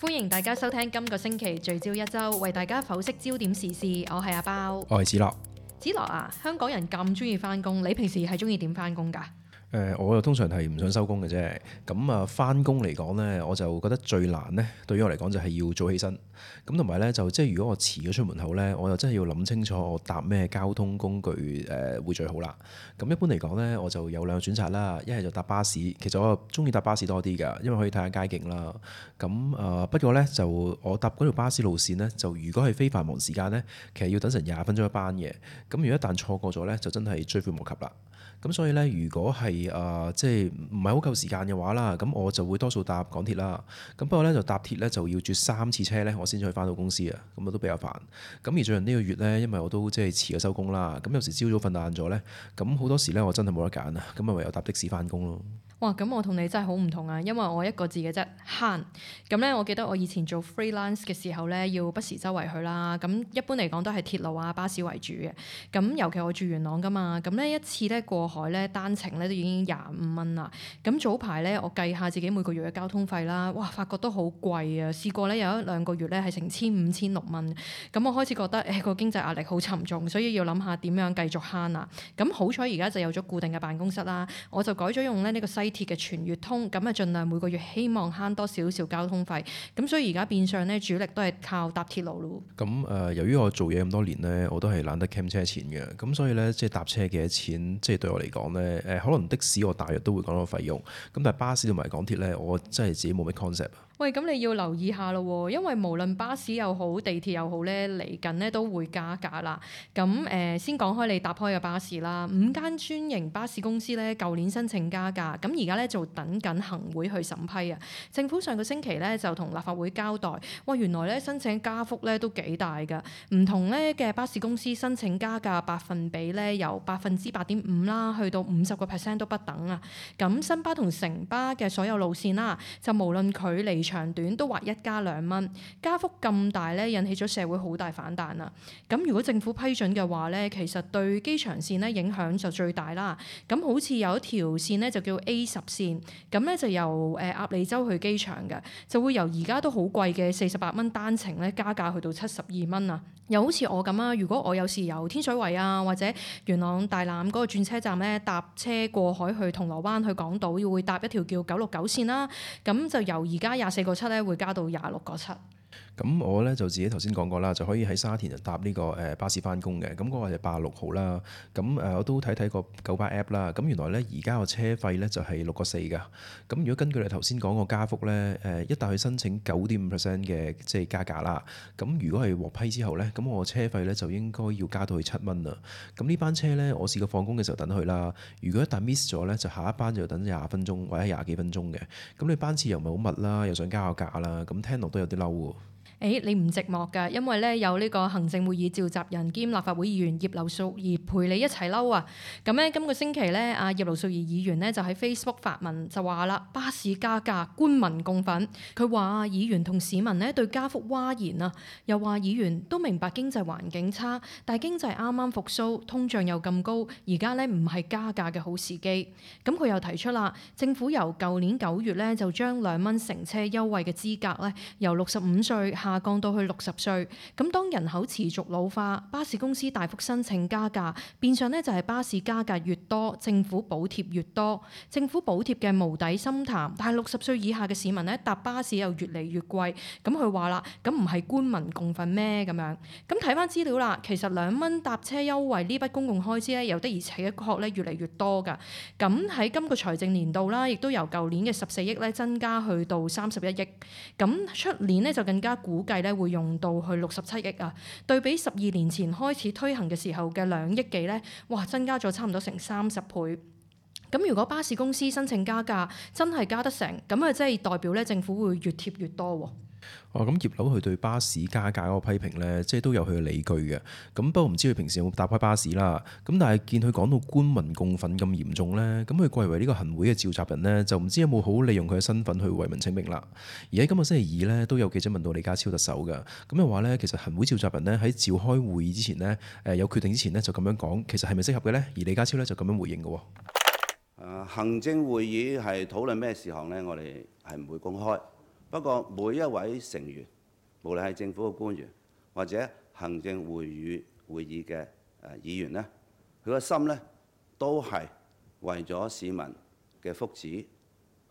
歡迎大家收聽今個星期聚焦一周，為大家剖析焦點時事。我係阿包，我係子樂。子樂啊，香港人咁鍾意返工，你平時係鍾意點返工㗎？誒、呃，我又通常係唔想收工嘅啫。咁啊，翻工嚟講咧，我就覺得最難咧，對於我嚟講就係要早起身。咁同埋咧，就即係如果我遲咗出門口咧，我就真係要諗清楚我搭咩交通工具誒、呃、會最好啦。咁一般嚟講咧，我就有兩個選擇啦。一係就搭巴士，其實我中意搭巴士多啲㗎，因為可以睇下街景啦。咁啊，不過咧就我搭嗰條巴士路線咧，就如果係非繁忙時間咧，其實要等成廿分鐘一班嘅。咁如果一旦錯過咗咧，就真係追悔莫及啦。咁所以咧，如果係誒、呃，即係唔係好夠時間嘅話啦，咁我就會多數搭港鐵啦。咁不過咧，就搭鐵咧就要轉三次車咧，我先可以翻到公司啊。咁都比較煩。咁而最近呢個月咧，因為我都即係遲咗收工啦，咁有時朝早瞓晏咗咧，咁好多時咧我真係冇得揀啊，咁咪唯有搭的士翻工咯。哇，咁我同你真係好唔同啊，因為我一個字嘅啫，慳。咁、嗯、咧，我記得我以前做 freelance 嘅時候咧，要不時周圍去啦。咁、嗯、一般嚟講都係鐵路啊、巴士為主嘅。咁、嗯、尤其我住元朗㗎嘛。咁、嗯、咧一次咧過海咧單程咧都已經廿五蚊啦。咁、嗯、早排咧我計下自己每個月嘅交通費啦，哇，發覺都好貴啊！試過咧有一兩個月咧係成千五千六蚊。咁、嗯、我開始覺得誒、個經濟壓力好沉重，所以要諗下點樣繼續慳啊。咁、嗯嗯、好彩而家就有咗固定嘅辦公室啦，我就改咗用咧呢、個西。鐵嘅全月通，咁啊，儘量每個月希望慳多少少交通費。咁所以而家變相咧，主力都係靠搭鐵路咯。咁誒、嗯，由於我做嘢咁多年咧，我都係懶得計車錢嘅。咁所以咧，即係搭車幾多錢，即係對我嚟講咧，誒、呃，可能的士我大約都會講到費用。咁但係巴士同埋港鐵咧，我真係自己冇咩 concept。喂，咁你要留意下咯，因為無論巴士又好，地鐵又好咧，嚟緊咧都會加價啦。咁誒、呃、先講開你搭開嘅巴士啦，五間專營巴士公司咧，舊年申請加價，咁而家咧就等緊行會去審批啊。政府上個星期咧就同立法會交代，哇原來咧申請加幅咧都幾大噶，唔同咧嘅巴士公司申請加價百分比咧，由百分之八點五啦，去到五十個 percent 都不等啊。咁新巴同城巴嘅所有路綫啦，就無論距離。長短都劃一加兩蚊，加幅咁大咧，引起咗社會好大反彈啦。咁如果政府批准嘅話咧，其實對機場線咧影響就最大啦。咁好似有一條線咧就叫 A 十線，咁咧就由誒鴨脷洲去機場嘅，就會由而家都好貴嘅四十八蚊單程咧，加價去到七十二蚊啊。又好似我咁啊，如果我有時由天水圍啊，或者元朗大欖嗰個轉車站咧，搭車過海去銅鑼灣去港島，要會搭一條叫九六九線啦啊，咁就由而家廿四個七咧，會加到廿六個七。咁我咧就自己頭先講過啦，就可以喺沙田搭呢、這個誒、呃、巴士翻工嘅。咁、那、嗰個就八六號啦。咁誒、呃、我都睇睇個九巴 app 啦。咁原來咧而家個車費咧就係六個四噶。咁如果根據你頭先講個加幅咧，誒、呃、一旦去申請九點五 percent 嘅即係加價啦。咁如果係獲批之後咧，咁我車費咧就應該要加到去七蚊啦。咁呢班車咧，我試過放工嘅時候等佢啦。如果一旦 miss 咗咧，就下一班就等廿分鐘或者廿幾分鐘嘅。咁你班次又唔係好密啦，又想加下價啦，咁聽落都有啲嬲喎。誒、欸、你唔寂寞㗎，因為咧有呢個行政會議召集人兼立法會議員葉劉淑儀陪你一齊嬲啊！咁、嗯、呢，今個星期呢，阿葉劉淑儀議員呢就喺 Facebook 發文就話啦：巴士加價官民共憤。佢話議員同市民呢對加幅譁然啊，又話議員都明白經濟環境差，但係經濟啱啱復甦，通脹又咁高，而家呢唔係加價嘅好時機。咁、嗯、佢又提出啦，政府由舊年九月呢就將兩蚊乘車優惠嘅資格呢，由六十五歲下降到去六十歲，咁當人口持續老化，巴士公司大幅申請加價，變相呢就係巴士加價越多，政府補貼越多，政府補貼嘅無底深潭。但係六十歲以下嘅市民咧，搭巴士又越嚟越貴。咁佢話啦，咁唔係官民共憤咩？咁樣咁睇翻資料啦，其實兩蚊搭車優惠呢筆公共開支呢，由的而且確咧越嚟越多噶。咁喺今個財政年度啦，亦都由舊年嘅十四億咧，增加去到三十一億。咁出年呢，就更加估計咧會用到去六十七億啊，對比十二年前開始推行嘅時候嘅兩億幾咧，哇，增加咗差唔多成三十倍。咁如果巴士公司申請加價，真係加得成，咁啊即係代表咧政府會越貼越多。哦，咁葉劉佢對巴士加價嗰個批評呢，即係都有佢嘅理據嘅。咁不過唔知佢平時有冇搭開巴士啦。咁但係見佢講到官民共憤咁嚴重呢，咁佢貴為呢個行會嘅召集人呢，就唔知有冇好利用佢嘅身份去為民請命啦。而喺今日星期二呢，都有記者問到李家超特首噶，咁又話呢，其實行會召集人呢，喺召開會議之前呢，誒有決定之前呢，就咁樣講，其實係咪適合嘅呢？而李家超呢，就咁樣回應嘅。誒，行政會議係討論咩事項呢？我哋係唔會公開。不過，每一位成員，無論係政府嘅官員或者行政會議會議嘅誒議員呢，佢個心呢都係為咗市民嘅福祉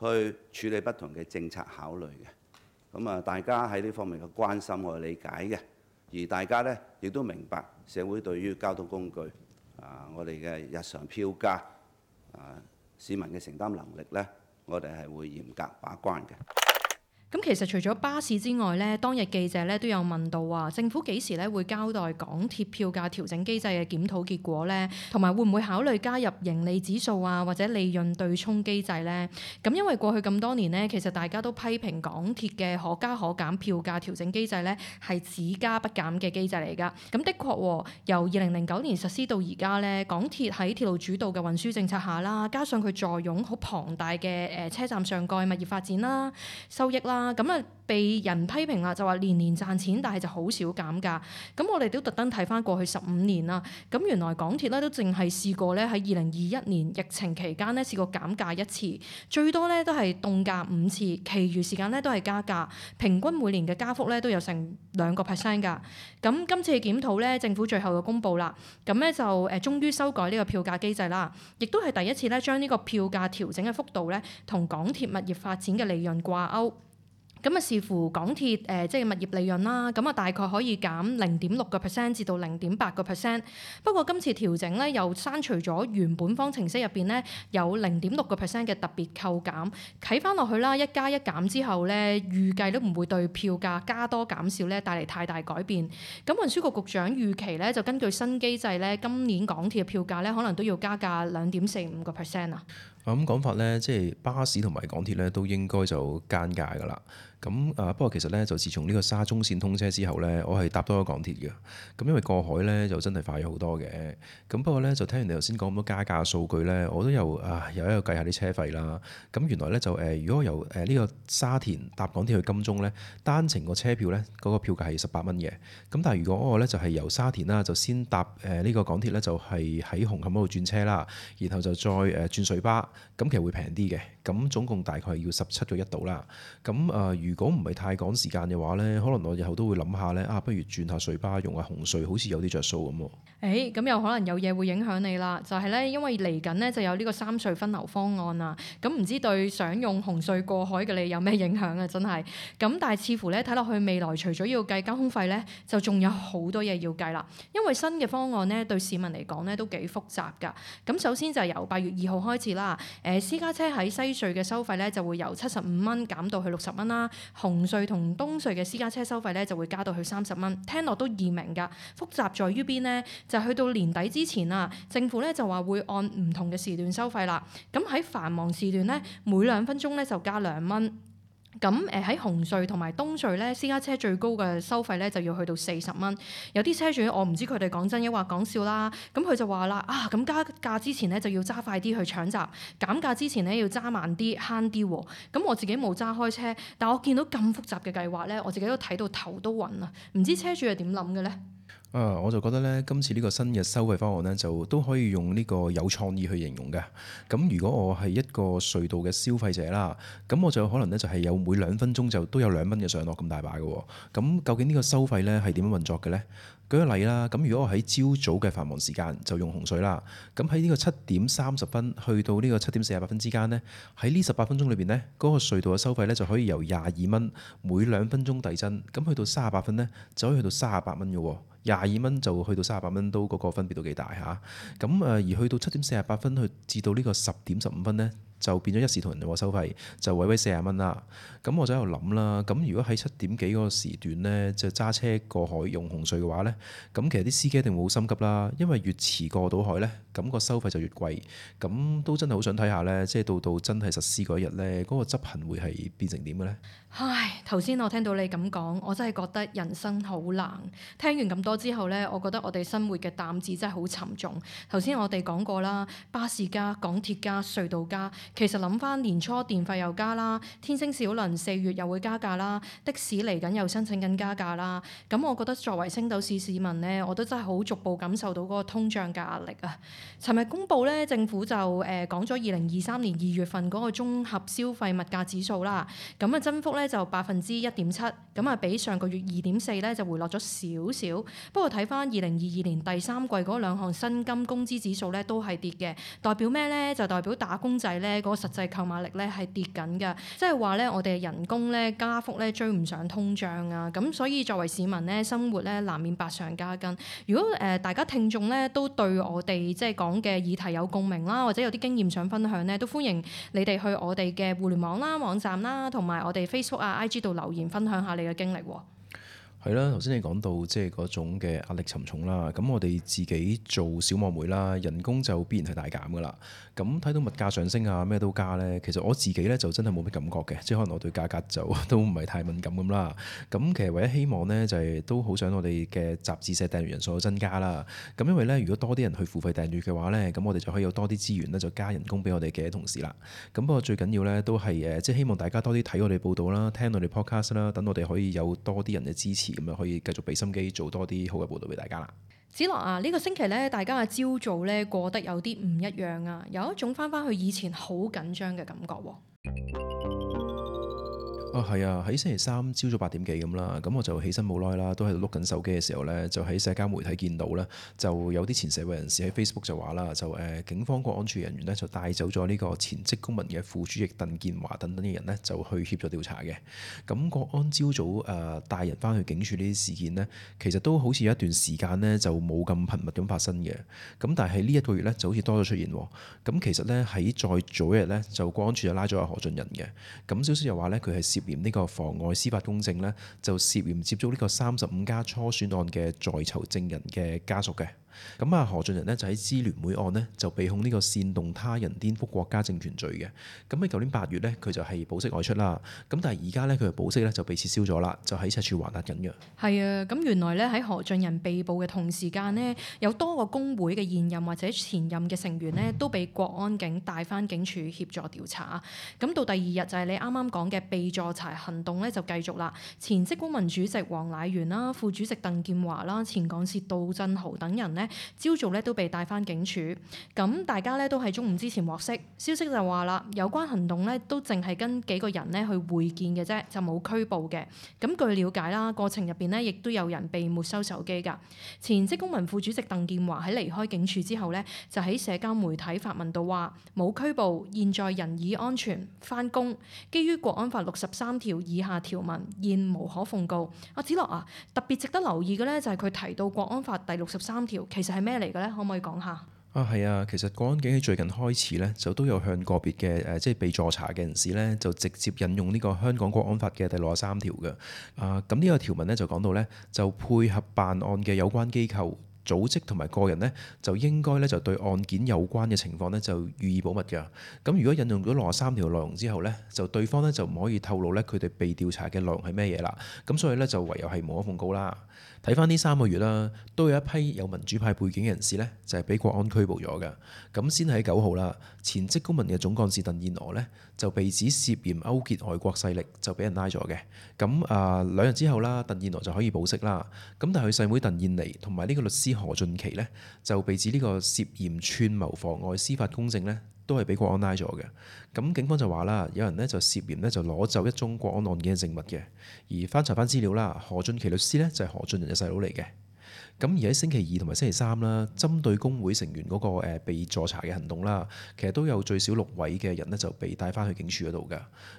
去處理不同嘅政策考慮嘅。咁啊，大家喺呢方面嘅關心我理解嘅，而大家呢亦都明白社會對於交通工具啊，我哋嘅日常票價啊，市民嘅承擔能力呢，我哋係會嚴格把關嘅。咁其實除咗巴士之外咧，當日記者咧都有問到啊，政府幾時咧會交代港鐵票價調整機制嘅檢討結果咧，同埋會唔會考慮加入盈利指數啊，或者利潤對沖機制咧？咁因為過去咁多年咧，其實大家都批評港鐵嘅可加可減票價調整機制咧係只加不減嘅機制嚟噶咁的確由二零零九年實施到而家咧，港鐵喺鐵路主導嘅運輸政策下啦，加上佢坐擁好龐大嘅誒車站上蓋物業發展啦、收益啦。啊！咁啊，被人批評啦，就話年年賺錢，但係就好少減價。咁我哋都特登睇翻過去十五年啦。咁原來港鐵咧都淨係試過咧喺二零二一年疫情期間咧試過減價一次，最多咧都係凍價五次，其餘時間咧都係加價，平均每年嘅加幅咧都有成兩個 percent 㗎。咁今次檢討咧，政府最後嘅公佈啦，咁咧就誒終於修改呢個票價機制啦，亦都係第一次咧將呢個票價調整嘅幅度咧同港鐵物業發展嘅利潤掛鈎。咁啊，視乎港鐵誒、呃，即係物業利潤啦。咁啊，大概可以減零點六個 percent 至到零點八個 percent。不過今次調整咧，又刪除咗原本方程式入邊咧有零點六個 percent 嘅特別扣減。睇翻落去啦，一加一減之後咧，預計都唔會對票價加多減少咧帶嚟太大改變。咁運輸局局長預期咧，就根據新機制咧，今年港鐵嘅票價咧可能都要加價兩點四五個 percent 啊。咁講法呢，即係巴士同埋港鐵呢，都應該就加價㗎喇。咁啊，不過其實呢，就自從呢個沙中線通車之後呢，我係搭多咗港鐵嘅。咁因為過海呢，就真係快咗好多嘅。咁不過呢，就聽完你頭先講咁多加價數據呢，我都又啊，又喺度計下啲車費啦。咁原來呢，就誒，如果由誒呢個沙田搭港鐵去金鐘呢，單程個車票呢，嗰個票價係十八蚊嘅。咁但係如果我呢，就係由沙田啦，就先搭誒呢個港鐵呢，就係喺紅磡嗰度轉車啦，然後就再誒轉水巴。咁其實會平啲嘅。咁總共大概要十七個一度啦。咁啊，如果唔係太趕時間嘅話咧，可能我以後都會諗下咧，啊，不如轉下隧巴用下紅隧，好似有啲着數咁喎。誒、欸，咁又可能有嘢會影響你啦。就係咧，因為嚟緊咧就有呢個三隧分流方案啊。咁唔知對想用紅隧過海嘅你有咩影響啊？真係。咁但係似乎咧睇落去未來，除咗要計交通費咧，就仲有好多嘢要計啦。因為新嘅方案咧對市民嚟講咧都幾複雜㗎。咁首先就係由八月二號開始啦。誒，私家車喺西稅嘅收費咧就會由七十五蚊減到去六十蚊啦，紅隧同東隧嘅私家車收費咧就會加到去三十蚊，聽落都易明㗎。複雜在於邊咧？就去到年底之前啊，政府咧就話會按唔同嘅時段收費啦。咁喺繁忙時段咧，每兩分鐘咧就加兩蚊。咁誒喺紅隧同埋東隧咧私家車最高嘅收費咧就要去到四十蚊，有啲車主我唔知佢哋講真抑或講笑啦，咁佢就話啦啊咁加價之前咧就要揸快啲去搶閘，減價之前咧要揸慢啲慳啲喎，咁、哦、我自己冇揸開車，但我見到咁複雜嘅計劃咧，我自己都睇到頭都暈啊，唔知車主係點諗嘅咧？啊，uh, 我就覺得呢，今次呢個新嘅收費方案呢，就都可以用呢個有創意去形容嘅。咁如果我係一個隧道嘅消費者啦，咁我就可能呢，就係有每兩分鐘就都有兩蚊嘅上落咁大把㗎喎。咁究竟呢個收費呢係點樣運作嘅呢？舉個例啦，咁如果我喺朝早嘅繁忙時間就用紅隧啦，咁喺呢個七點三十分去到呢個七點四十八分之間呢，喺呢十八分鐘裏邊呢，嗰個隧道嘅收費呢，就可以由廿二蚊每兩分鐘遞增，咁去到三十八分呢，就可以去到三十八蚊嘅。廿二蚊就去到三十八蚊都，嗰個分別都幾大嚇。咁、啊、誒，而去到七點四十八分去至到個呢個十點十五分咧，就變咗一時同人話收費，就位位四十蚊啦。咁我就喺度諗啦，咁如果喺七點幾嗰個時段呢，就揸車過海用紅隧嘅話呢，咁其實啲司機一定會好心急啦，因為越遲過到海呢，咁個收費就越貴。咁都真係好想睇下呢，即係到到真係實施嗰日呢，嗰個執行會係變成點嘅呢？唉，頭先我聽到你咁講，我真係覺得人生好難。聽完咁多之後呢，我覺得我哋生活嘅擔子真係好沉重。頭先我哋講過啦，巴士加港鐵加隧道加。其實諗翻年初電費又加啦，天星小輪四月又會加價啦，的士嚟緊又申請緊加價啦。咁我覺得作為星斗市市民呢，我都真係好逐步感受到嗰個通脹嘅壓力啊。尋日公布呢，政府就誒、呃、講咗二零二三年二月份嗰個綜合消費物價指數啦。咁啊，增幅咧就百分之一點七，咁啊比上個月二點四咧就回落咗少少。不過睇翻二零二二年第三季嗰兩項薪金工資指數咧都係跌嘅，代表咩咧？就代表打工仔咧，個實際購買力咧係跌緊㗎，即係話咧我哋人工咧加幅咧追唔上通脹啊，咁所以作為市民咧生活咧難免百上加斤。如果誒、呃、大家聽眾咧都對我哋即係講嘅議題有共鳴啦，或者有啲經驗想分享咧，都歡迎你哋去我哋嘅互聯網啦、網站啦，同埋我哋 Facebook 啊、IG 度留言分享下你嘅經歷喎、啊。係啦，頭先你講到即係嗰種嘅壓力沉重啦，咁我哋自己做小網媒啦，人工就必然係大減噶啦。咁睇到物價上升啊，咩都加咧，其實我自己咧就真係冇乜感覺嘅，即係可能我對價格就都唔係太敏感咁啦。咁其實唯一希望呢，就係都好想我哋嘅雜誌社訂閱人數增加啦。咁因為咧，如果多啲人去付費訂閱嘅話咧，咁我哋就可以有多啲資源咧，就加人工俾我哋嘅同事啦。咁不過最緊要咧都係誒，即係希望大家多啲睇我哋報道啦，聽我哋 podcast 啦，等我哋可以有多啲人嘅支持。咁樣可以繼續俾心機做多啲好嘅報導俾大家啦。子樂啊，呢個星期咧，大家嘅朝早咧過得有啲唔一樣啊，有一種翻返去以前好緊張嘅感覺喎、啊。係、哦、啊，喺星期三朝早八點幾咁啦，咁我就起身冇耐啦，都喺度碌緊手機嘅時候呢，就喺社交媒體見到呢，就有啲前社會人士喺 Facebook 就話啦，就誒、呃、警方國安處人員呢，就帶走咗呢個前職公民嘅副主席鄧建華等等啲人呢，就去協助調查嘅。咁國安朝早誒、呃、帶人返去警署呢啲事件呢，其實都好似有一段時間呢，就冇咁頻密咁發生嘅。咁但係呢一個月呢就好似多咗出現喎。咁其實呢，喺再早一日呢，就國安處就拉咗阿何俊仁嘅。咁消息又話呢，佢係涉，呢個妨礙司法公正呢，就涉嫌接觸呢個三十五加初選案嘅在囚證人嘅家屬嘅。咁啊何俊仁呢就喺支聯會案呢就被控呢個煽動他人顛覆國家政權罪嘅。咁喺舊年八月呢，佢就係保釋外出啦。咁但係而家呢，佢嘅保釋呢就被撤銷咗啦，就喺赤柱還押緊嘅。係啊，咁原來呢，喺何俊仁被捕嘅同時間呢，有多個工會嘅現任或者前任嘅成員呢，都被國安警帶翻警署協助調查。咁到第二日就係你啱啱講嘅被助查行動呢，就繼續啦。前職公民主席黃乃元啦、副主席鄧建華啦、前港協杜振豪等人。朝早咧都被帶翻警署，咁大家咧都喺中午之前獲釋。消息就話啦，有關行動咧都淨係跟幾個人咧去會見嘅啫，就冇拘捕嘅。咁據了解啦，過程入邊咧亦都有人被沒收手機㗎。前職工盟副主席鄧建華喺離開警署之後咧，就喺社交媒體發文到話：冇拘捕，現在人已安全翻工。基於《國安法》六十三條以下條文，現無可奉告。阿、啊、子樂啊，特別值得留意嘅咧就係佢提到《國安法》第六十三條。其實係咩嚟嘅呢？可唔可以講下？啊，係啊，其實國安警喺最近開始呢，就都有向個別嘅誒，即係被助查嘅人士呢，就直接引用呢、這個香港國安法嘅第六十三條嘅。啊、呃，咁、這、呢個條文呢，就講到呢，就配合辦案嘅有關機構。組織同埋個人呢，就應該咧就對案件有關嘅情況呢，就予以保密㗎。咁如果引用咗六十三條內容之後呢，就對方呢，就唔可以透露咧佢哋被調查嘅內容係咩嘢啦。咁所以呢，就唯有係無可奉告啦。睇返呢三個月啦，都有一批有民主派背景嘅人士呢，就係、是、俾國安拘捕咗嘅。咁先喺九號啦，前職工盟嘅總幹事鄧燕娥呢，就被指涉嫌勾結外國勢力，就俾人拉咗嘅。咁啊、呃、兩日之後啦，鄧燕娥就可以保釋啦。咁但係佢細妹鄧燕妮同埋呢個律師，何俊奇咧就被指呢個涉嫌串謀妨礙司法公正咧，都係俾國安拉咗嘅。咁警方就話啦，有人咧就涉嫌咧就攞走一宗國安案件嘅證物嘅。而翻查翻資料啦，何俊奇律師咧就係、是、何俊仁嘅細佬嚟嘅。咁而喺星期二同埋星期三啦，針對工會成員嗰個誒被助查嘅行動啦，其實都有最少六位嘅人咧就被帶翻去警署嗰度噶。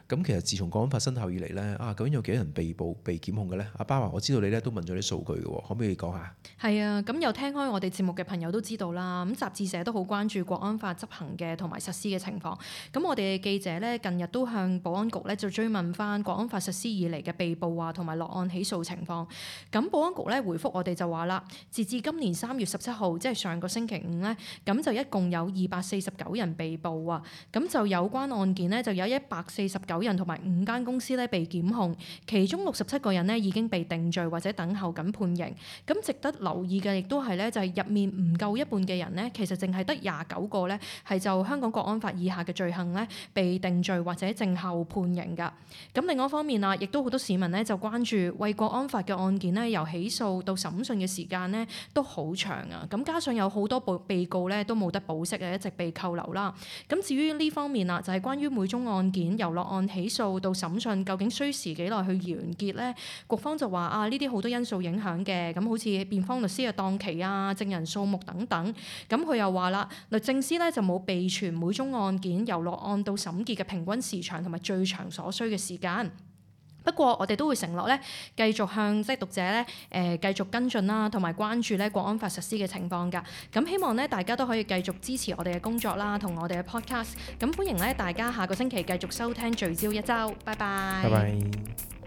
咁其實自從《國安法》生效以嚟咧，啊究竟有幾多人被捕、被檢控嘅咧？阿巴華，我知道你咧都問咗啲數據嘅，可唔可以講下？係啊，咁又聽開我哋節目嘅朋友都知道啦。咁雜誌社都好關注《國安法》執行嘅同埋實施嘅情況。咁我哋嘅記者咧近日都向保安局咧就追問翻《國安法》實施以嚟嘅被捕啊同埋落案起訴情況。咁保安局咧回覆我哋就話啦。截至今年三月十七號，即係上個星期五呢，咁就一共有二百四十九人被捕啊！咁就有關案件呢，就有一百四十九人同埋五間公司呢被檢控，其中六十七個人呢已經被定罪或者等候緊判刑。咁值得留意嘅亦都係呢，就係入面唔夠一半嘅人呢，其實淨係得廿九個呢，係就香港國安法以下嘅罪行呢，被定罪或者靜候判刑㗎。咁另外一方面啊，亦都好多市民呢，就關注為國安法嘅案件呢，由起訴到審訊嘅時間。但咧都好長啊！咁加上有好多被被告咧都冇得保釋啊，一直被扣留啦。咁至於呢方面啊，就係關於每宗案件由落案起訴到審訊，究竟需時幾耐去完結咧？局方就話啊，呢啲好多因素影響嘅，咁好似辯方律師嘅檔期啊、證人數目等等。咁佢又話啦，律政司咧就冇備存每宗案件由落案到審結嘅平均時長同埋最長所需嘅時間。不過，我哋都會承諾咧，繼續向即係讀者咧誒繼續跟進啦，同埋關注咧《國安法》實施嘅情況㗎。咁希望咧，大家都可以繼續支持我哋嘅工作啦，同我哋嘅 podcast。咁歡迎咧，大家下個星期繼續收聽聚焦一周。拜拜。拜拜。